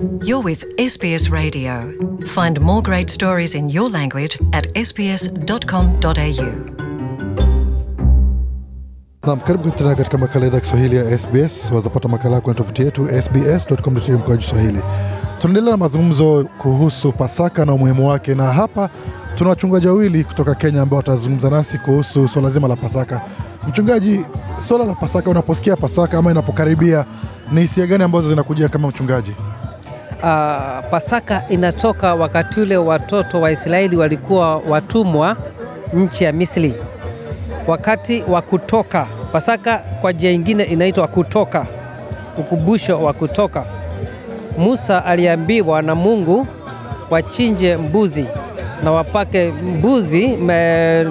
You're with SBS Radio. Find more great stories in your language at sbs.com.au. Naam, karibu tena katika makala idhaa Kiswahili ya SBS. Wazapata makala yako kwenye tovuti yetu sbs.com.au kwa Kiswahili. Tunaendelea na mazungumzo kuhusu Pasaka na umuhimu wake, na hapa tuna wachungaji wawili kutoka Kenya ambao watazungumza nasi kuhusu swala zima la Pasaka. Mchungaji, swala la Pasaka, unaposikia Pasaka ama inapokaribia, ni hisia gani ambazo zinakujia kama mchungaji? uh, Pasaka inatoka wakati ule watoto wa Israeli walikuwa watumwa nchi ya Misri. Wakati wa kutoka Pasaka kwa jina ingine inaitwa kutoka, ukumbusho wa kutoka. Musa aliambiwa na Mungu wachinje mbuzi na wapake mbuzi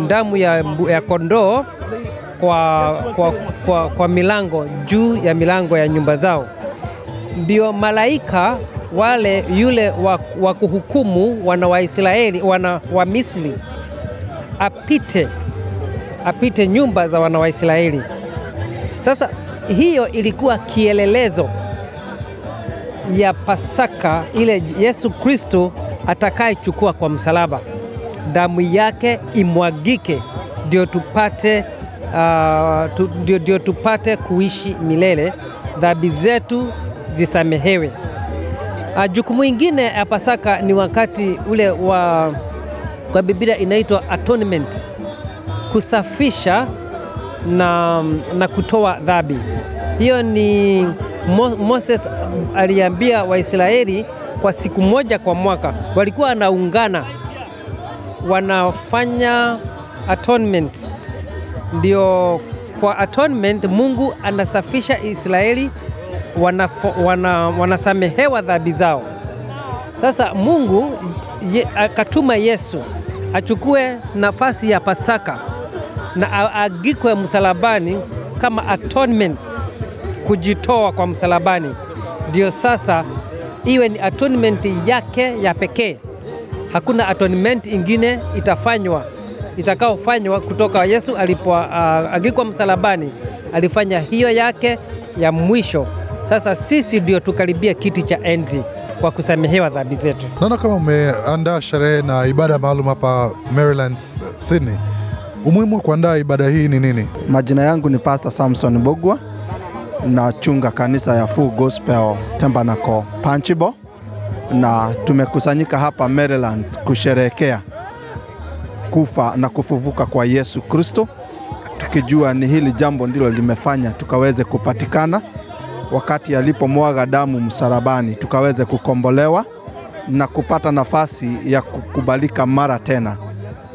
damu ya, ya kondoo kwa, kwa, kwa, kwa milango juu ya milango ya nyumba zao, ndio malaika wale yule wa kuhukumu wana Israeli, wana wa Misri apite apite nyumba za wana Israeli. Sasa hiyo ilikuwa kielelezo ya Pasaka ile Yesu Kristo atakayechukua kwa msalaba, damu yake imwagike ndio tupate ah, ndio uh, tu, tupate kuishi milele, dhambi zetu zisamehewe. Ah, jukumu ingine ya Pasaka ni wakati ule wa kwa Biblia inaitwa atonement, kusafisha na, na kutoa dhambi. Hiyo ni Mo, Moses aliambia Waisraeli kwa siku moja kwa mwaka walikuwa wanaungana wanafanya atonement. Ndio kwa atonement Mungu anasafisha Israeli wanasamehewa wana, wanasamehewa dhambi zao. Sasa Mungu ye, akatuma Yesu achukue nafasi ya Pasaka na aagikwe msalabani kama atonement, kujitoa kwa msalabani, ndio sasa iwe ni atonement yake ya pekee. Hakuna atonement ingine itafanywa itakaofanywa kutoka Yesu alipoagikwa msalabani, alifanya hiyo yake ya mwisho. Sasa sisi ndio tukaribia kiti cha enzi kwa kusamehewa dhambi zetu. Naona kama umeandaa sherehe na ibada maalum hapa Maryland, Sydney. Umuhimu wa kuandaa ibada hii ni nini? Majina yangu ni Pastor Samson Bogwa, nachunga kanisa ya Full Gospel tembanaco Panchibo, na tumekusanyika hapa Maryland kusherehekea kufa na kufufuka kwa Yesu Kristo, tukijua ni hili jambo ndilo limefanya tukaweze kupatikana wakati alipomwaga damu msalabani, tukaweze kukombolewa na kupata nafasi ya kukubalika mara tena.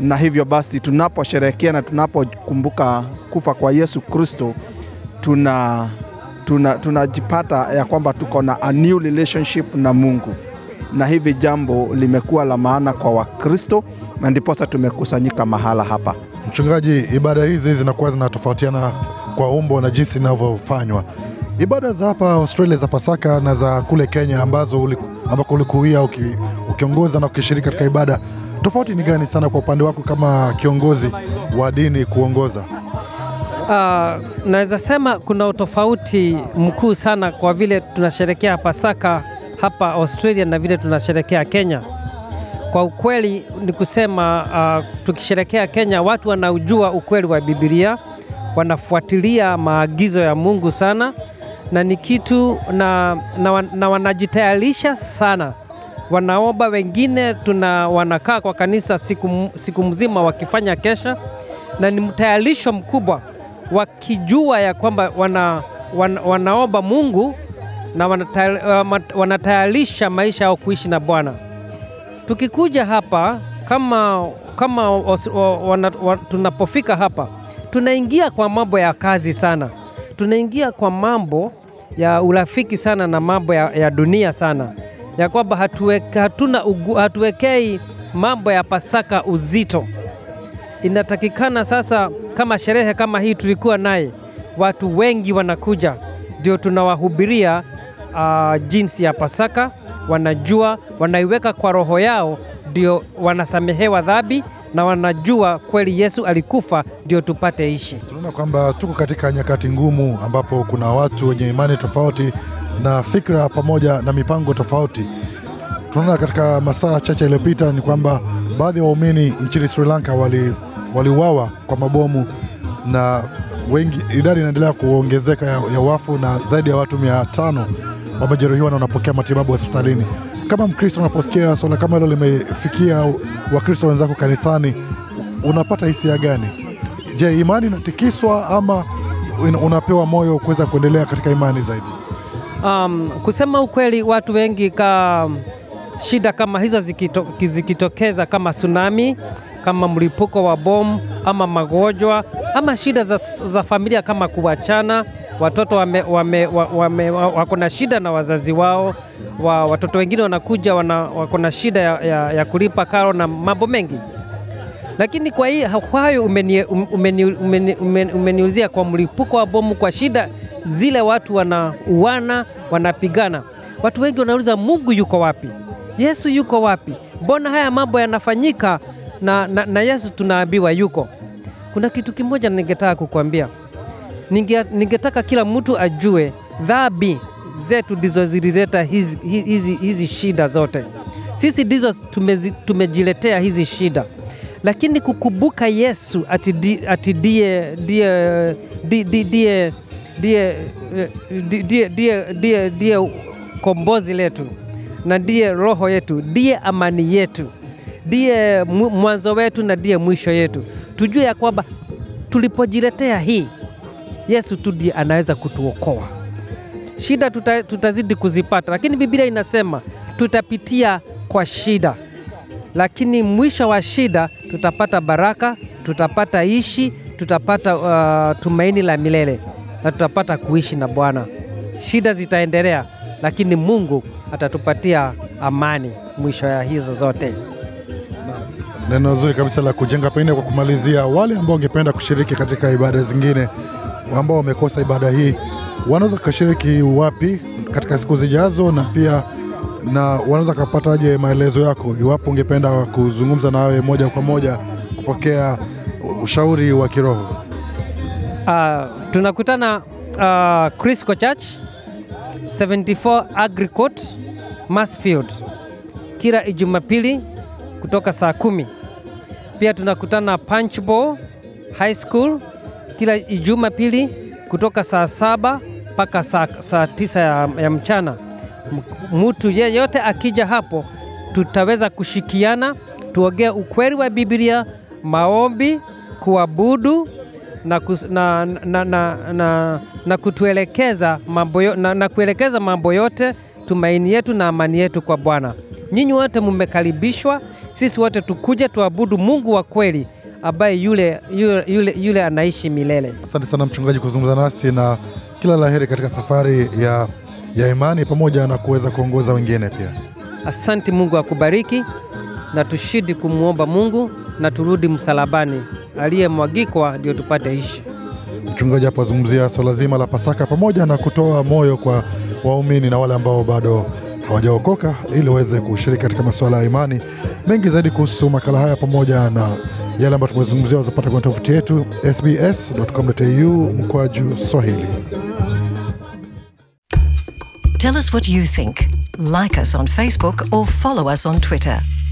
Na hivyo basi, tunaposherehekea na tunapokumbuka kufa kwa Yesu Kristo, tuna tunajipata tuna ya kwamba tuko na a new relationship na Mungu, na hivi jambo limekuwa la maana kwa Wakristo na ndiposa tumekusanyika mahala hapa. Mchungaji, ibada hizi zinakuwa zinatofautiana kwa umbo na jinsi inavyofanywa ibada za hapa Australia za Pasaka na za kule Kenya ambazo uliku, ambako ulikuia uki, ukiongoza na ukishiriki katika ibada, tofauti ni gani sana kwa upande wako kama kiongozi wa dini kuongoza? Uh, naweza sema kuna utofauti mkuu sana kwa vile tunasherekea Pasaka hapa Australia na vile tunasherekea Kenya. Kwa ukweli ni kusema uh, tukisherekea Kenya watu wanaujua ukweli wa Biblia, wanafuatilia maagizo ya Mungu sana na ni kitu na, na, na wanajitayarisha sana, wanaomba wengine tuna wanakaa kwa kanisa siku, siku mzima wakifanya kesha, na ni mtayarisho mkubwa wakijua ya kwamba wana, wana, wanaomba Mungu na uh, wanatayarisha maisha yao kuishi na Bwana. Tukikuja hapa kama, kama wana, wana, tunapofika hapa tunaingia kwa mambo ya kazi sana tunaingia kwa mambo ya urafiki sana na mambo ya, ya dunia sana, ya kwamba hatuna hatuwekei mambo ya Pasaka uzito. Inatakikana sasa, kama sherehe kama hii tulikuwa naye, watu wengi wanakuja, ndio tunawahubiria uh, jinsi ya Pasaka, wanajua wanaiweka kwa roho yao, ndio wanasamehewa dhambi na wanajua kweli Yesu alikufa ndio tupate ishi. Tunaona kwamba tuko katika nyakati ngumu ambapo kuna watu wenye imani tofauti na fikra pamoja na mipango tofauti. Tunaona katika masaa chache yaliyopita ni kwamba baadhi ya waumini nchini Sri Lanka waliuawa wali kwa mabomu na wengi, idadi inaendelea kuongezeka ya, ya wafu na zaidi ya watu mia tano wamejeruhiwa na wanapokea matibabu hospitalini. Kama Mkristo unaposikia swala kama hilo limefikia Wakristo wenzako kanisani, unapata hisia gani? Je, imani inatikiswa ama unapewa moyo kuweza kuendelea katika imani zaidi? Um, kusema ukweli, watu wengi ka shida kama hizo zikito, zikitokeza kama tsunami kama mlipuko wa bomu ama magonjwa ama shida za, za familia kama kuachana watoto wame, wame, wame, wako na shida na wazazi wao wa, watoto wengine wanakuja wana, wako na shida ya, ya, ya kulipa karo na mambo mengi, lakini kwa hii hayo umeniuzia um, umeni, umeni, umeni, umeni kwa mlipuko wa bomu, kwa shida zile watu wanauana, wanapigana. Watu wengi wanauliza Mungu yuko wapi? Yesu yuko wapi? Mbona haya mambo yanafanyika na, na, na Yesu tunaambiwa yuko. Kuna kitu kimoja ningetaka kukuambia ningetaka kila mtu ajue dhambi zetu ndizo zilileta hizi, hizi, hizi shida zote. Sisi ndizo tumejiletea hizi shida, lakini kukumbuka Yesu ati ati ndiye ndiye kombozi letu na ndiye roho yetu, ndiye amani yetu, ndiye mwanzo wetu na ndiye mwisho yetu. Tujue ya kwamba tulipojiletea hii Yesu tu ndiye anaweza kutuokoa. Shida tuta, tutazidi kuzipata, lakini Biblia inasema tutapitia kwa shida, lakini mwisho wa shida tutapata baraka, tutapata ishi, tutapata uh, tumaini la milele na tutapata kuishi na Bwana. Shida zitaendelea, lakini Mungu atatupatia amani mwisho ya hizo zote. Neno zuri kabisa la kujenga. Pengine kwa kumalizia, wale ambao wangependa kushiriki katika ibada zingine ambao wamekosa ibada hii wanaweza kashiriki wapi katika siku zijazo, na pia na wanaweza kapataje maelezo yako iwapo ungependa kuzungumza nawe moja kwa moja kupokea ushauri wa kiroho? Uh, tunakutana uh, Crisco Church 74 Agri masfield kila Ijumapili kutoka saa kumi. Pia tunakutana Punch High School kila Jumapili kutoka saa saba mpaka saa, saa tisa ya, ya mchana. Mtu yeyote akija hapo tutaweza kushikiana, tuongee ukweli wa Biblia, maombi, kuabudu na, kus, na, na, na, na, na kutuelekeza mambo na, na kuelekeza mambo yote, tumaini yetu na amani yetu kwa Bwana. Nyinyi wote mmekaribishwa, sisi wote tukuje tuabudu Mungu wa kweli ambaye yule, yule, yule, yule anaishi milele. Asante sana mchungaji kuzungumza nasi na kila laheri katika safari ya, ya imani pamoja na kuweza kuongoza wengine pia. Asante, Mungu akubariki na tushidi kumwomba Mungu na turudi msalabani, aliyemwagikwa ndio tupate ishi. Mchungaji hapo azungumzia swala so zima la Pasaka pamoja na kutoa moyo kwa waumini na wale ambao bado hawajaokoka ili waweze kushiriki katika masuala ya imani. Mengi zaidi kuhusu makala haya pamoja na yale ambayo tumezungumzia wazapata kwenye tovuti yetu sbs.com.au mkwaju Swahili. Tell us what you think. Like us on Facebook or follow us on Twitter.